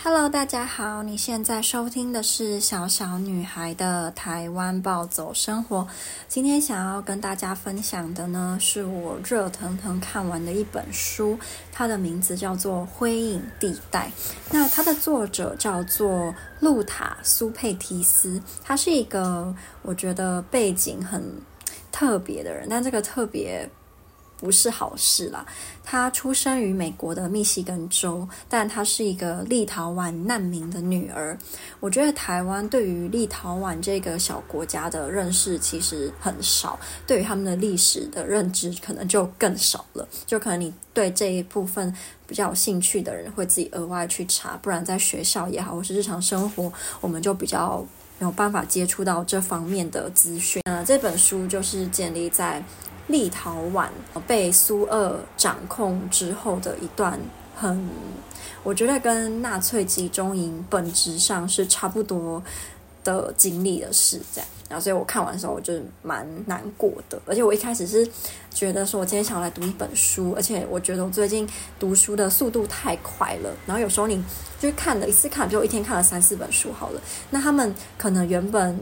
Hello，大家好，你現在收聽的是小小女孩的台灣暴走生活。今天想要跟大家分享的呢，是我熱騰騰看完的一本書，它的名字叫做《灰影地帶》。那它的作者叫做露塔·蘇佩提斯，她是一個我覺得背景很特別的人，但這個特別，不是好事啦。她出生於美國的密西根州，但她是一個立陶宛難民的女兒。我覺得台灣對於立陶宛這個小國家的認識其實很少，對於他們的歷史的認知可能就更少了。就可能你對這一部分比較有興趣的人會自己額外去查，不然在學校也好，或是日常生活，我們就比較沒有辦法接觸到這方面的資訊。那這本書就是建立在立陶宛被蘇俄掌控之後的一段很，我覺得跟納粹集中營本質上是差不多的經歷的事，這樣。然後，所以我看完的時候，我就蠻難過的。而且我一開始是覺得說我今天想來讀一本書，而且我覺得我最近讀書的速度太快了。然後有時候你就是看的一次看，就一天看了三四本書好了。那他們可能原本。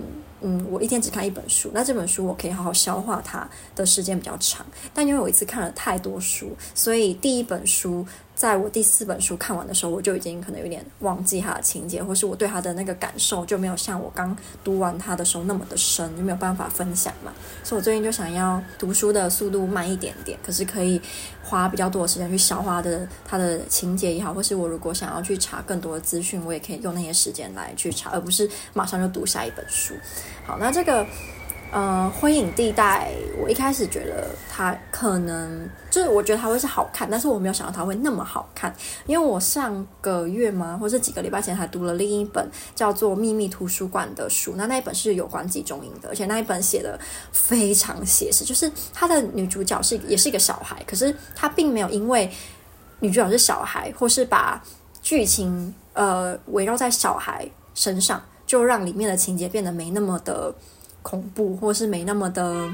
嗯，我一天只看一本書，那這本書我可以好好消化，它的時間比較長。但因為我一次看了太多書，所以第一本書。在我第四本書看完的時候，我就已經可能有點忘記他的情節，或是我對他的那個感受，就沒有像我剛讀完他的的時候那麼的深，就沒有辦法分享嘛。所以我最近就想要讀書的速度慢一點點，可是可以花比較多的時間去消化的他的情節也好，或是我如果想要去查更多的資訊，我也可以用那些時間來去查，而不是馬上就讀下一本書。好，那這個。呃，灰影地帶，我一開始覺得它可能就是我覺得它會是好看，但是我沒有想到它會那麼好看。因為我上個月嘛，或者是幾個禮拜前還讀了另一本叫做《秘密圖書館》的書，那那一本是有關集中營的，而且那一本寫的非常寫實。就是它的女主角是也是一個小孩，可是她並沒有因為女主角是小孩，或是把劇情呃圍繞在小孩身上，就讓裡面的情節變得沒那麼的。恐怖，或是沒那麼的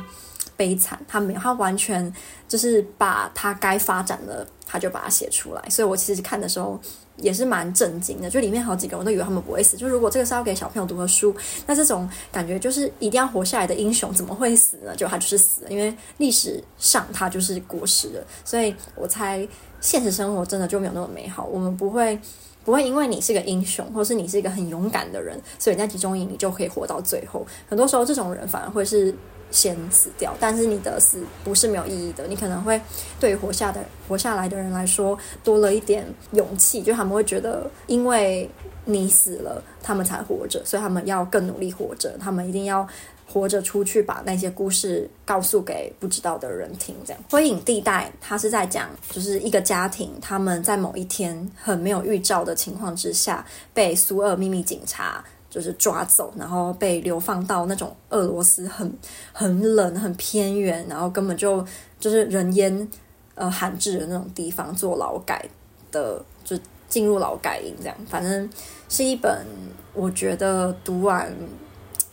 悲慘，他沒有，他完全就是把他該發展的，他就把它寫出來。所以，我其實看的時候也是蠻震驚的，就裡面好幾個我都以為他們不會死。就如果這個是要給小朋友讀的書，那這種感覺就是一定要活下來的英雄怎麼會死呢？就他就是死了，因為歷史上他就是過世了。所以我猜現實生活真的就沒有那麼美好，我們不會。不會因為你是個英雄，或是你是一個很勇敢的人，所以在集中營你就可以活到最後。很多時候，這種人反而會是先死掉。但是你的死不是沒有意義的，你可能會對活下的、活下來的人來說多了一點勇氣，就他們會覺得因為你死了，他們才活着，所以他們要更努力活着，他們一定要。活着出去，把那些故事告訴給不知道的人聽。這樣，《灰影地帶》它是在講，就是一個家庭，他們在某一天很沒有預兆的情況之下，被蘇俄秘密警察就是抓走，然後被流放到那種俄羅斯很很冷、很偏遠，然後根本就就是人煙呃罕至的那種地方做勞改的，就進入勞改營。這樣，反正是一本我覺得讀完。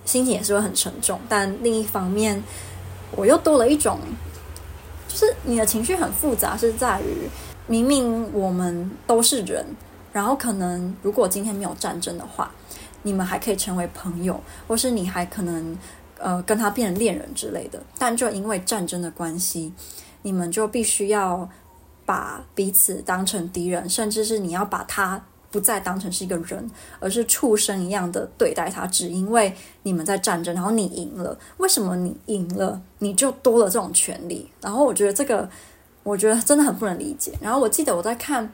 心情也是會很沉重，但另一方面，我又多了一種，就是你的情緒很複雜，是在於明明我們都是人，然後可能如果今天沒有戰爭的話，你們還可以成為朋友，或是你還可能呃跟他變成戀人之類的。但就因為戰爭的關係，你們就必須要把彼此當成敵人，甚至是你要把他。不再當成是一個人，而是畜生一樣的對待他，只因為你們在戰爭，然後你贏了，為什麼你贏了你就多了這種權利？然後我覺得這個，我覺得真的很不能理解。然後我記得我在看《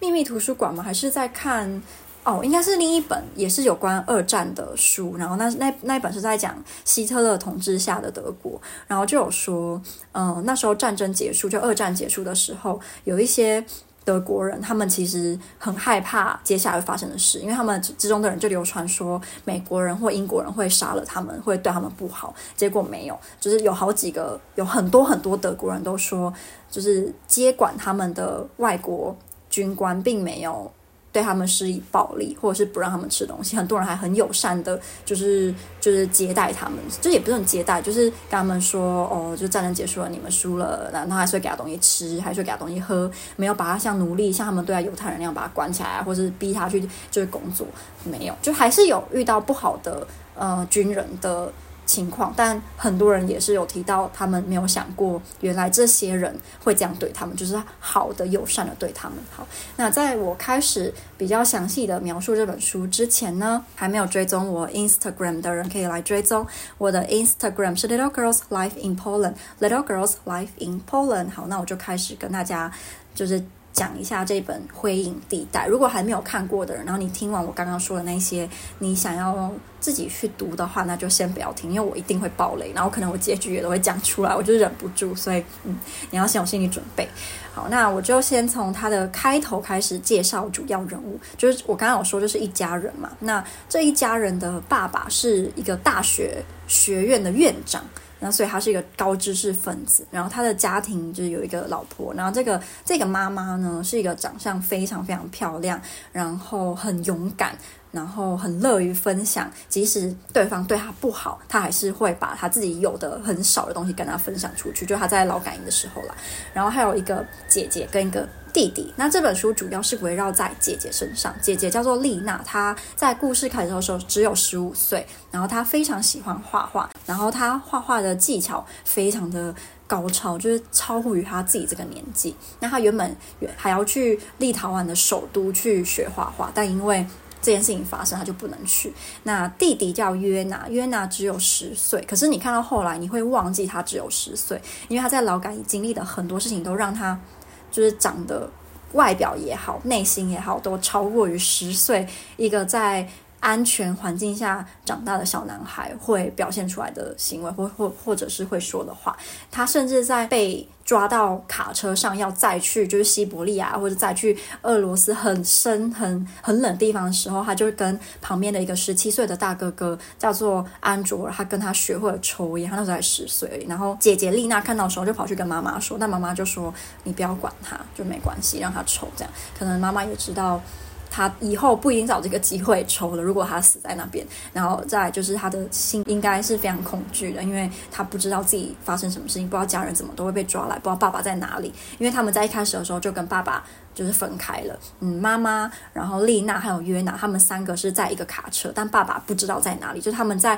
秘密圖書館》嗎？還是在看哦？應該是另一本，也是有關二戰的書。然後那那那一本是在講希特勒統治下的德國，然後就有說，嗯、呃，那時候戰爭結束，就二戰結束的時候，有一些。德國人他們其實很害怕接下來發生的事，因為他們之中的人就流傳說美國人或英國人會殺了他們，會對他們不好。結果沒有，就是有好幾個，有很多很多德國人都說，就是接管他們的外國軍官並沒有。對他們施以暴力，或者是不讓他們吃東西。很多人還很友善的，就是就是接待他們，就也不用接待，就是跟他們說哦，就戰爭結束了，你們輸了，那他還是會給他東西吃，還是會給他東西喝，沒有把他像奴隸，像他們對待猶太人那樣把他關起來，或是逼他去就是工作，沒有，就還是有遇到不好的呃軍人的。情況，但很多人也是有提到，他們沒有想過，原來這些人會這樣對他們，就是好的、友善的對他們。好，那在我開始比較詳細的描述這本書之前呢，還沒有追蹤我 Instagram 的人可以來追蹤我的 Instagram 是 Little Girls Life in Poland，Little Girls Life in Poland。好，那我就開始跟大家，就是。講一下這本《灰影地帶》，如果還沒有看過的人，然後你聽完我剛剛說的那些，你想要自己去讀的話，那就先不要聽，因為我一定會爆雷，然後可能我結局也都會講出來，我就忍不住，所以嗯，你要先有心理準備。好，那我就先從它的開頭開始介紹主要人物，就是我剛剛有說，就是一家人嘛。那這一家人的爸爸是一個大學學院的院長。那所以他是一個高知識分子，然後他的家庭就是有一個老婆，然後這個這個媽媽呢是一個長相非常非常漂亮，然後很勇敢，然後很樂於分享，即使對方對她不好，她還是會把她自己有的很少的東西跟她分享出去，就她在勞改營的時候啦，然後還有一個姐姐跟一個弟弟。那這本書主要是圍繞在姐姐身上，姐姐叫做麗娜，她在故事開頭的時候只有十五歲，然後她非常喜歡畫畫。然後他畫畫的技巧非常的高超，就是超乎於他自己這個年紀。那他原本還要去立陶宛的首都去學畫畫，但因為這件事情發生，他就不能去。那弟弟叫約納，約納只有十歲。可是你看到後來，你會忘記他只有十歲，因為他在勞改經歷的很多事情都讓他，就是長得外表也好，內心也好，都超過於十歲一個在。安全環境下長大的小男孩會表現出來的行為，或或或者是會說的話。他甚至在被抓到卡車上要再去就是西伯利亞或者再去俄羅斯很深很很冷的地方的時候，他就跟旁邊的一個十七歲的大哥哥叫做安卓，他跟他學會了抽煙，他那時候才十歲。然後姐姐麗娜看到的時候就跑去跟媽媽說，但媽媽就說你不要管他，就沒關係，讓他抽這樣。可能媽媽也知道。他以後不一定找這個機會抽了。如果他死在那邊，然後再來就是他的心應該是非常恐懼的，因為他不知道自己發生什麼事情，不知道家人怎麼都會被抓來，不知道爸爸在哪裡。因為他們在一開始的時候就跟爸爸就是分開了。嗯，媽媽，然後麗娜還有約納，他們三個是在一個卡車，但爸爸不知道在哪裡。就他們在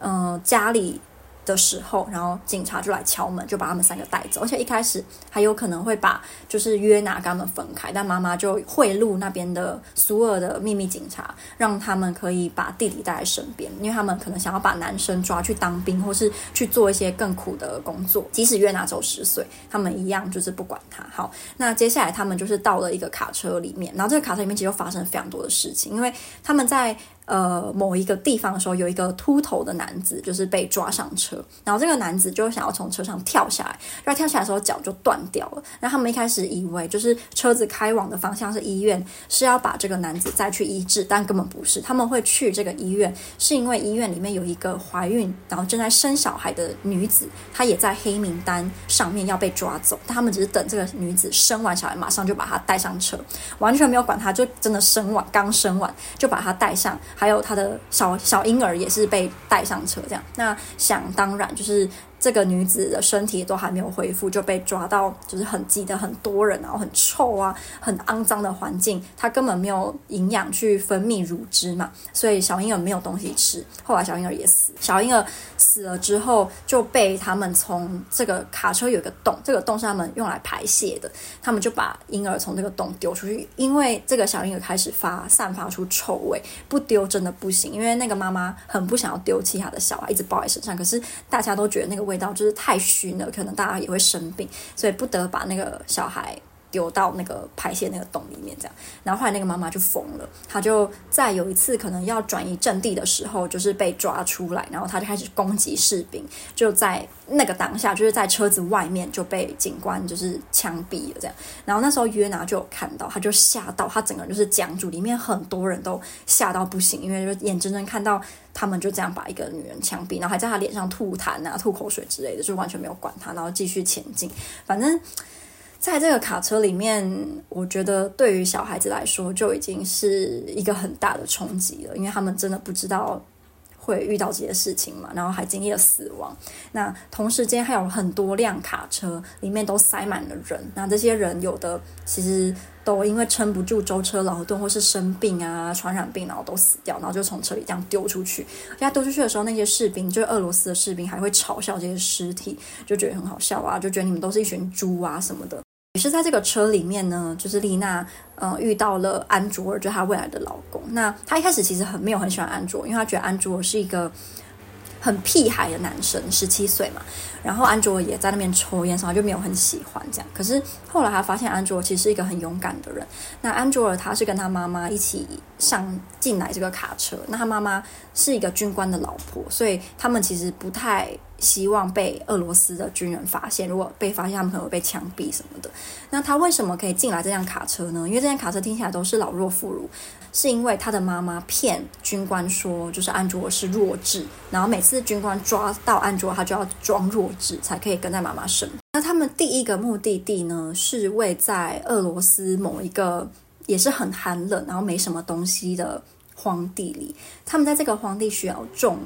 嗯、呃、家裡。的時候，然後警察就來敲門，就把他們三個帶走。而且一開始還有可能會把就是約拿跟他們分開，但媽媽就賄賂那邊的蘇俄的祕密警察，讓他們可以把弟弟帶在身邊，因為他們可能想要把男生抓去當兵，或是去做一些更苦的工作。即使約拿只有十歲，他們一樣就是不管他。好，那接下來他們就是到了一個卡車裡面，然後這個卡車裡面其實又發生非常多的事情，因為他們在。呃，某一個地方的時候，有一個禿頭的男子就是被抓上車，然後這個男子就想要從車上跳下來，然後跳下來的時候腳就斷掉了。那他們一開始以為就是車子開往的方向是醫院，是要把這個男子再去醫治，但根本不是。他們會去這個醫院，是因為醫院裡面有一個懷孕然後正在生小孩的女子，她也在黑名單上面要被抓走。他們只是等這個女子生完小孩，馬上就把她帶上車，完全沒有管她，就真的生完，剛生完，就把她帶上。還有他的小小嬰兒也是被帶上車，這樣。那想當然就是。這個女子的身體都還沒有恢復就被抓到，就是很擠的很多人，然後很臭啊，很骯髒的環境，她根本沒有營養去分泌乳汁嘛，所以小嬰兒沒有東西吃，後來小嬰兒也死。小嬰兒死了之後就被他們從這個卡車有一個洞，這個洞是他們用來排泄的，他們就把嬰兒從這個洞丟出去，因為這個小嬰兒開始發散發出臭味，不丟真的不行，因為那個媽媽很不想要丟棄他的小孩，一直抱在身上，可是大家都覺得那個味。味道就是太虛了，可能大家也會生病，所以不得把那個小孩，丟到那個排泄那個洞裡面，這樣，然後後來那個媽媽就瘋了，她就在有一次可能要轉移陣地的時候，就是被抓出來，然後她就開始攻擊士兵，就在那個當下，就是在車子外面就被警官就是槍斃了，這樣。然後那時候約拿就有看到，他就嚇到，他整個人就是僵住，裡面很多人都嚇到不行，因為就眼睜睜看到他們就這樣把一個女人槍斃，然後還在他臉上吐痰啊、吐口水之類的，就完全沒有管他，然後繼續前進，反正。在這個卡車裡面，我覺得對於小孩子來說就已經是一個很大的衝擊了，因為他們真的不知道會遇到這些事情嘛，然後還經歷了死亡。那同時間還有很多輛卡車裡面都塞滿了人，那這些人有的其實都因為撐不住舟車勞頓，或是生病啊、傳染病，然後都死掉，然後就從車裡這樣丟出去。而丟出去的時候，那些士兵就是俄羅斯的士兵，還會嘲笑這些屍體，就覺得很好笑啊，就覺得你們都是一群豬啊什麼的。也是在這個車裡面呢，就是麗娜，嗯，遇到了安卓，就是她未來的老公。那她一開始其實很沒有很喜歡安卓，因為她覺得安卓是一個很屁孩的男生，十七歲嘛。然後安卓也在那邊抽菸，所以她就沒有很喜歡這樣。可是後來她發現安卓其實是一個很勇敢的人。那安卓爾他是跟他媽媽一起上進來這個卡車，那他媽媽是一個軍官的老婆，所以他們其實不太。希望被俄羅斯的軍人發現，如果被發現，他們可能會被槍斃什麼的。那他為什麼可以進來這輛卡車呢？因為這輛卡車聽起來都是老弱婦孺，是因為他的媽媽騙軍官說，就是安卓是弱智，然後每次軍官抓到安卓，他就要裝弱智才可以跟在媽媽身邊。那他們第一個目的地呢，是位在俄羅斯某一個也是很寒冷，然後沒什麼東西的荒地裡。他們在這個荒地需要種。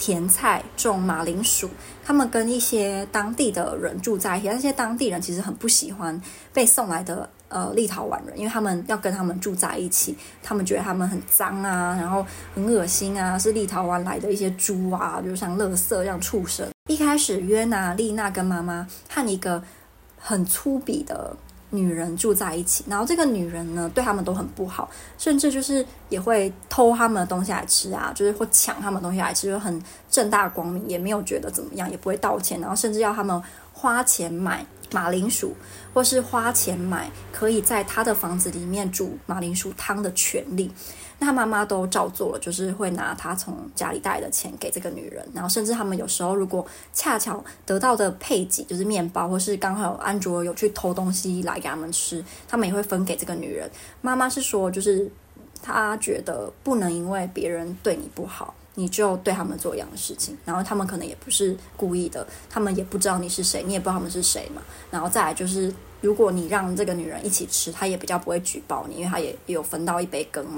甜菜、種馬鈴薯，他們跟一些當地的人住在一起，那些當地人其實很不喜歡被送來的呃立陶宛人，因為他們要跟他們住在一起，他們覺得他們很髒啊，然後很惡心啊，是立陶宛來的一些豬啊，就像垃圾一樣畜生。一開始，約娜、麗娜跟媽媽和一個很粗鄙的女人住在一起，然後這個女人呢，對他們都很不好，甚至就是也會偷他們的東西來吃啊，就是會搶他們的東西來吃，就很正大光明，也沒有覺得怎麼樣，也不會道歉，然後甚至要他們花錢買。馬鈴薯，或是花錢買可以在他的房子裡面煮馬鈴薯湯的權利，那他媽媽都照做了，就是會拿他從家裡帶的錢給這個女人，然後甚至他們有時候如果恰巧得到的配給就是麵包，或是剛好安卓有去偷東西來給他們吃，他們也會分給這個女人。媽媽是說，就是他覺得不能因為別人對你不好，你就對他們做一樣的事情，然後他們可能也不是故意的，他們也不知道你是誰，你也不知道他們是誰嘛。然後再來就是，如果你讓這個女人一起吃，她也比較不會舉報你，因為她也有分到一杯羹嘛。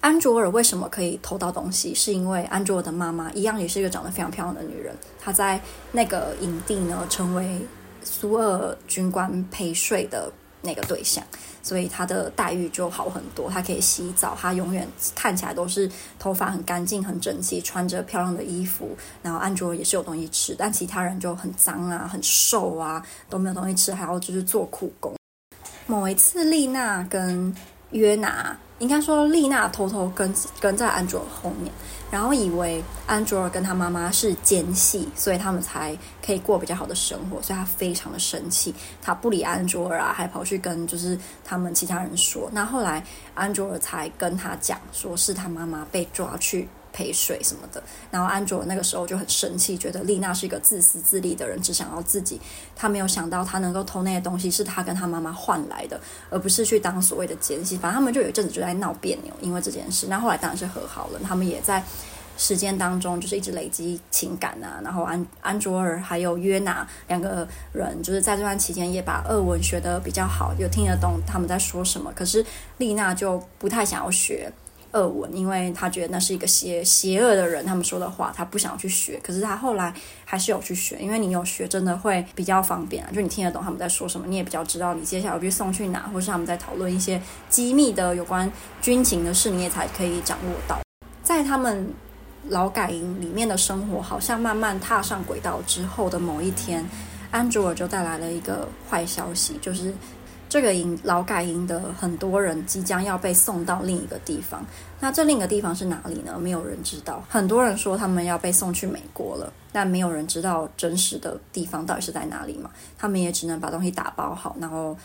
安卓爾為什麼可以偷到東西？是因為安卓爾的媽媽一樣也是一個長得非常漂亮的女人，她在那個營地呢，成為蘇俄軍官陪睡的。那個對象，所以他的待遇就好很多。他可以洗澡，他永遠看起來都是頭髮很乾淨、很整齊，穿着漂亮的衣服。然後安卓也是有東西吃，但其他人就很髒啊、很瘦啊，都沒有東西吃，還要就是做苦工。某一次，麗娜跟約拿，應該說麗娜偷偷跟跟在安卓後面。然後以為安卓爾跟他媽媽是奸細，所以他們才可以過比較好的生活，所以他非常的生氣，他不理安卓爾啊，還跑去跟就是他們其他人說。那後來安卓爾才跟他講，說是他媽媽被抓去陪睡什麼的，然後安卓那個時候就很生氣，覺得麗娜是一個自私自利的人，只想要自己。他沒有想到，他能夠偷那些東西是他跟他媽媽換來的，而不是去當所謂的奸細。反正他們就有一陣子就在鬧彆扭，因為這件事。那後，後來當然是和好了。他們也在時間當中就是一直累積情感啊，然後安安卓爾還有約拿兩個人，就是在這段期間也把俄文學得比較好，又聽得懂他們在說什麼。可是麗娜就不太想要學。俄文，因為他覺得那是一個邪邪惡的人，他們說的話他不想去學。可是他後來還是有去學，因為你有學真的會比較方便啊，就你聽得懂他們在說什麼，你也比較知道你接下來要去送去哪，或是他們在討論一些機密的有關軍情的事，你也才可以掌握到。在他們勞改營裡面的生活好像慢慢踏上軌道之後的某一天，安卓就帶來了一個壞消息，就是。這個營勞改營的很多人即將要被送到另一個地方，那這另一個地方是哪裡呢？沒有人知道。很多人說他們要被送去美國了，但沒有人知道真實的地方到底是在哪裡嘛。他們也只能把東西打包好，然後。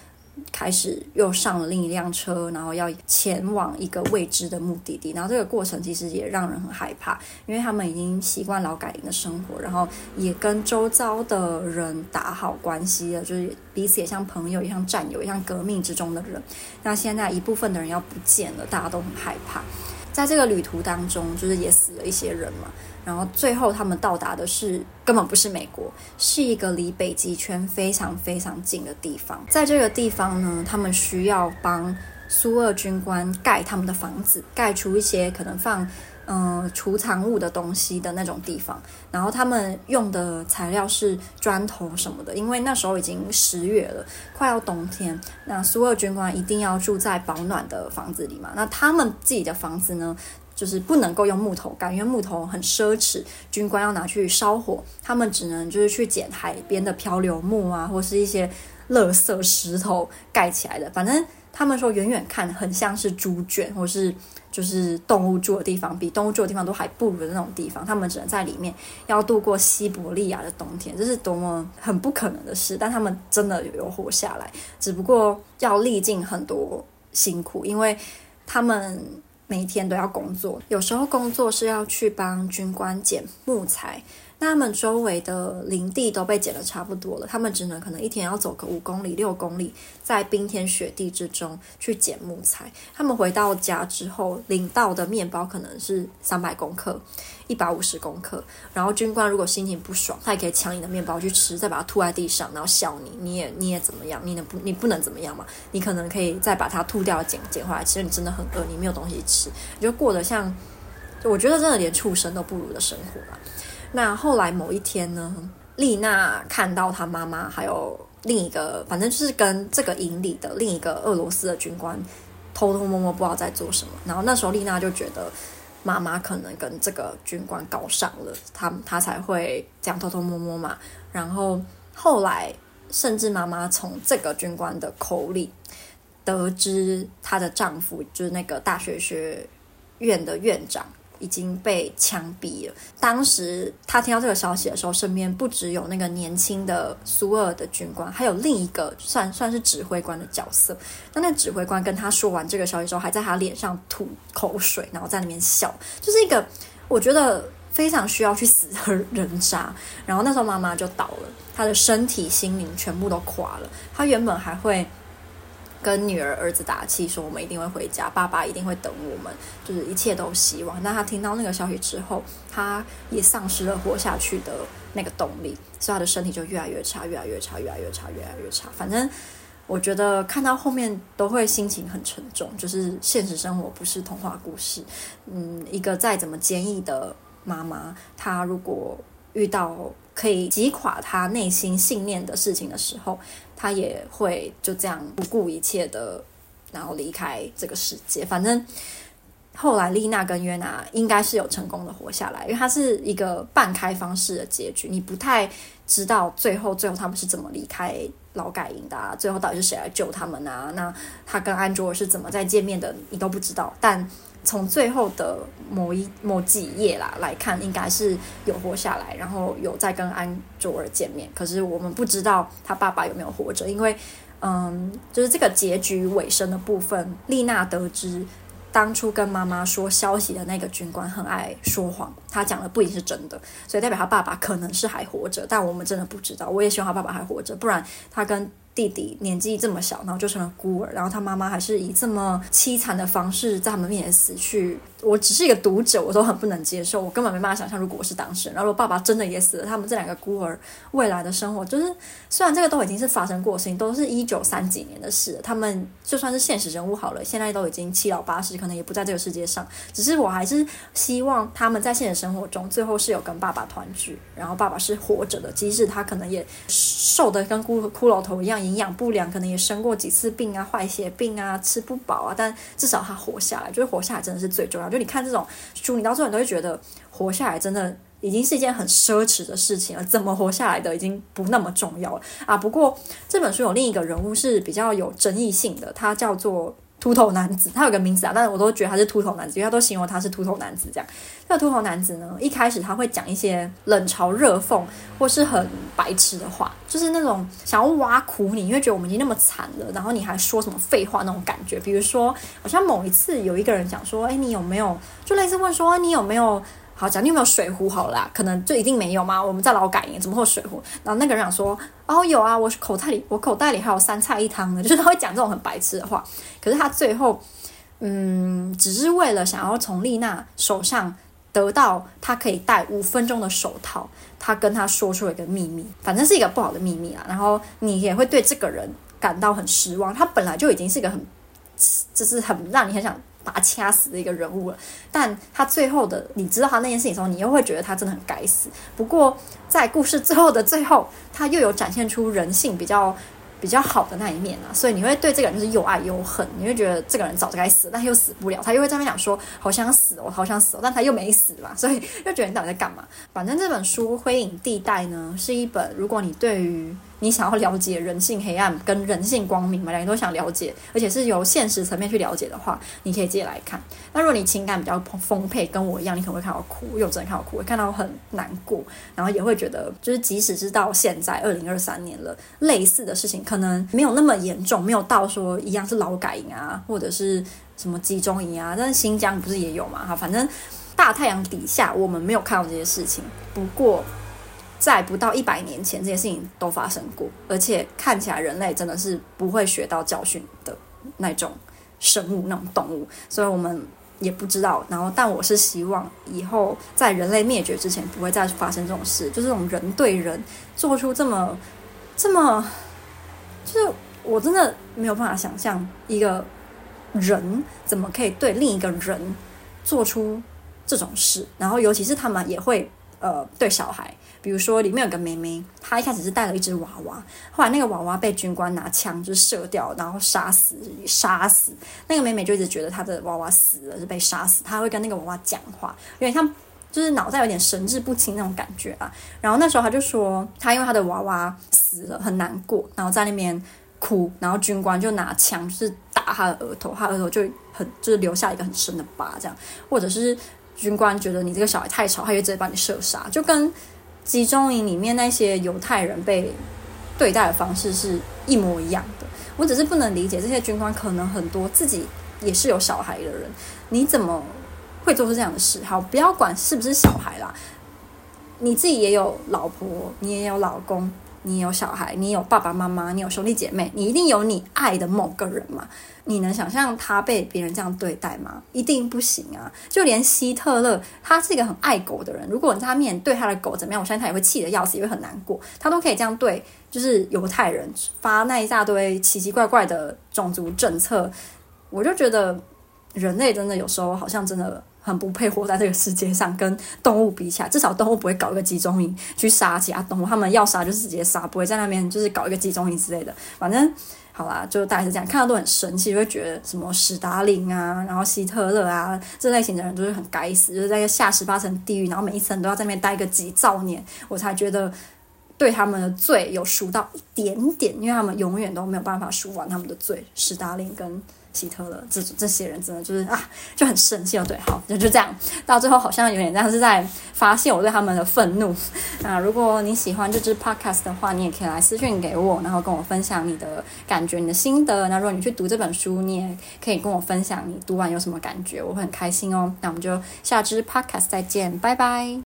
開始又上了另一輛車，然後要前往一個未知的目的地。然後這個過程其實也讓人很害怕，因為他們已經習慣勞改營的生活，然後也跟周遭的人打好關係了，就是彼此也像朋友，也像戰友，也像革命之中的人。那現在一部分的人要不見了，大家都很害怕。在這個旅途當中，就是也死了一些人嘛。然後最後他們到達的是根本不是美國，是一個離北極圈非常非常近的地方。在這個地方呢，他們需要幫蘇俄軍官蓋他們的房子，蓋出一些可能放嗯、呃、儲藏物的東西的那種地方。然後他們用的材料是磚頭什麼的，因為那時候已經十月了，快要冬天，那蘇俄軍官一定要住在保暖的房子裡嘛。那他們自己的房子呢？就是不能夠用木頭蓋，因為木頭很奢侈。軍官要拿去燒火，他們只能就是去撿海邊的漂流木啊，或是一些垃圾石頭蓋起來的。反正他們說遠遠看很像是豬圈，或是就是動物住的地方，比動物住的地方都還不如的那種地方。他們只能在裡面要度過西伯利亞的冬天，這是多麼很不可能的事，但他們真的有，有活下來，只不過要歷盡很多辛苦，因為他們。每天都要工作，有時候工作是要去幫軍官撿木材。那他們周圍的林地都被撿得差不多了，他們只能可能一天要走個五公里、六公里，在冰天雪地之中去撿木材。他們回到家之後，領到的麵包可能是三百公克。一百五十公克，然後軍官如果心情不爽，他也可以搶你的麵包去吃，再把它吐在地上，然後笑你，你也你也怎麼樣，你能不你不能怎麼樣嘛？你可能可以再把它吐掉撿撿回來，其實你真的很餓，你沒有東西吃，你就過得像，就我覺得真的連畜生都不如的生活吧。那後來某一天呢，麗娜看到她媽媽還有另一個，反正就是跟這個營裡的另一個俄羅斯的軍官偷偷摸摸不知道在做什麼，然後那時候麗娜就覺得。媽媽可能跟這個軍官搞上了，她她才會這樣偷偷摸摸嘛。然後後來，甚至媽媽從這個軍官的口裡得知她的丈夫就是那個大學學院的院長。已經被槍斃了。當時他聽到這個消息的時候，身邊不只有那個年輕的蘇俄的軍官，還有另一個算算是指揮官的角色。那那指揮官跟他說完這個消息之後，還在他臉上吐口水，然後在那邊笑，就是一個我覺得非常需要去死的人渣。然後那時候媽媽就倒了，她的身體、心靈全部都垮了。她原本還會。跟女兒、兒子打氣，說我們一定會回家，爸爸一定會等我們，就是一切都希望。那他聽到那個消息之後，他也喪失了活下去的那個動力，所以他的身體就越來越差，越來越差，越來越差，越來越差。反正我覺得看到後面都會心情很沉重，就是現實生活不是童話故事。嗯，一個再怎麼堅毅的媽媽，她如果遇到……可以擊垮他內心信念的事情的時候，他也會就這樣不顧一切的，然後離開這個世界。反正後來麗娜跟約娜應該是有成功的活下來，因為他是一個半開放式的結局，你不太知道最後最後他們是怎麼離開勞改營的啊，最後到底是誰來救他們呢，啊？那他跟安卓是怎麼再見面的，你都不知道。但從最後的某一某幾頁啦來看，應該是有活下來，然後有再跟安卓爾見面。可是我們不知道他爸爸有沒有活着，因為，嗯，就是這個結局尾聲的部分，麗娜得知當初跟媽媽說消息的那個軍官很愛說謊，他講的不一定是真的，所以代表他爸爸可能是還活着，但我們真的不知道。我也希望他爸爸還活着，不然他跟弟弟年紀這麼小，然後就成了孤兒，然後他媽媽還是以這麼淒慘的方式在他們面前死去。我只是一個讀者，我都很不能接受，我根本沒辦法想象，如果我是當事人，然後我爸爸真的也死了，他們這兩個孤兒未來的生活，就是雖然這個都已經是發生過的事情，都是一九三幾年的事，他們就算是現實人物好了，現在都已經七老八十，可能也不在這個世界上。只是我還是希望他們在現實生活中最後是有跟爸爸團聚，然後爸爸是活着的，即使他可能也瘦得跟骷骷髏頭一樣，營養不良，可能也生過幾次病啊，壞血病啊，吃不飽啊，但至少他活下來，就是活下來真的是最重要的。就你看這種書，你到最後你都會覺得活下來真的已經是一件很奢侈的事情了。怎麼活下來的已經不那麼重要了啊！不過這本書有另一個人物是比較有爭議性的，他叫做。禿頭男子，他有個名字啊，但是我都覺得他是禿頭男子，因為他都形容他是禿頭男子這樣。那個禿頭男子呢，一開始他會講一些冷嘲熱諷或是很白痴的話，就是那種想要挖苦你，因為覺得我們已經那麼慘了，然後你還說什麼廢話那種感覺。比如說，好像某一次有一個人講說：“欸，你有沒有？”就類似問說：“你有沒有？”好講，你有沒有水壺？好啦，可能就一定沒有嗎？我們在勞改營，怎麼會有水壺？然後那個人想說：“哦，有啊，我口袋裡，我口袋裡還有三菜一湯呢。”就是他會講這種很白痴的話。可是他最後，嗯，只是為了想要從麗娜手上得到他可以戴五分鐘的手套，他跟他說出了一個秘密，反正是一個不好的秘密啦。然後你也會對這個人感到很失望。他本來就已經是一個很，就是很讓你很想。把他掐死的一個人物了，但他最後的，你知道他那件事情的時候，你又會覺得他真的很該死。不過在故事最後的最後，他又有展現出人性比較比較好的那一面啊，所以你會對這個人就是又愛又恨，你會覺得這個人早就該死了，但又死不了，他又會在那邊講說好想死，哦，我好想死，哦，但他又沒死嘛，所以又覺得你到底在幹嘛？反正這本書《灰影地帶》呢，是一本如果你對於你想要了解人性黑暗跟人性光明嘛，兩個都想了解，而且是由現實層面去了解的話，你可以自己來看。那如果你情感比較豐沛，跟我一樣，你可能會看到哭，又真的看到哭，看到很難過，然後也會覺得，就是即使是到現在二零二三年了，類似的事情可能沒有那麼嚴重，沒有到說一樣是勞改營啊，或者是什麼集中營啊，但是新疆不是也有嘛？哈，反正大太陽底下，我們沒有看到這些事情。不過。在不到一百年前，這些事情都發生過，而且看起來人類真的是不會學到教訓的那種生物，那種動物。所以我們也不知道。然後，但我是希望以後在人類滅絕之前，不會再發生這種事。就是、這種人對人做出這麼、這麼，就是我真的沒有辦法想象一個人怎麼可以對另一個人做出這種事。然後，尤其是他們也會。呃，對小孩，比如說裡面有個妹妹，她一開始是帶了一隻娃娃，後來那個娃娃被軍官拿槍就射掉，然後殺死殺死，那個妹妹就一直覺得她的娃娃死了，就被殺死，她會跟那個娃娃講話，因為她就是腦袋有點神志不清那種感覺啊。然後那時候她就說，她因為她的娃娃死了很難過，然後在那邊哭，然後軍官就拿槍就是打她的額頭，她的額頭就很就是留下一個很深的疤這樣，或者是。軍官覺得你這個小孩太吵，他就直接把你射殺，就跟集中營裡面那些猶太人被對待的方式是一模一樣的。我只是不能理解，這些軍官可能很多自己也是有小孩的人，你怎麼會做出這樣的事？好，不要管是不是小孩啦，你自己也有老婆，你也有老公。你有小孩，你有爸爸媽媽，你有兄弟姐妹，你一定有你愛的某個人嘛。你能想象他被別人這樣對待嗎？一定不行啊！就連希特勒，他是一個很愛狗的人，如果他面對他的狗怎麼樣，我相信他也會氣得要死，也會很難過，他都可以這樣對，就是猶太人發那一大堆奇奇怪怪的種族政策，我就覺得人類真的有時候好像真的。很不配活在這個世界上，跟動物比起來，至少動物不會搞一個集中營去殺其他動物，他們要殺就是直接殺，不會在那邊就是搞一個集中營之類的。反正好啦，就大概是這樣，看到都很神奇，會覺得什麼史達林啊，然後希特勒啊這類型的人都是很該死，就是在下十八層地獄，然後每一層都要在那邊待個幾兆年，我才覺得對他們的罪有贖到一點點，因為他們永遠都沒有辦法贖完他們的罪。史達林跟。奇特的，這這些人真的就是啊，就很生氣哦。對，好，就就這樣，到最後好像有點像是在發洩我對他們的憤怒。那如果你喜歡這支 Podcast 的話，你也可以來私訊給我，然後跟我分享你的感覺、你的心得。那如果你去讀這本書，你也可以跟我分享你讀完有什麼感覺，我會很開心哦。那我們就下支 Podcast 再見，拜拜。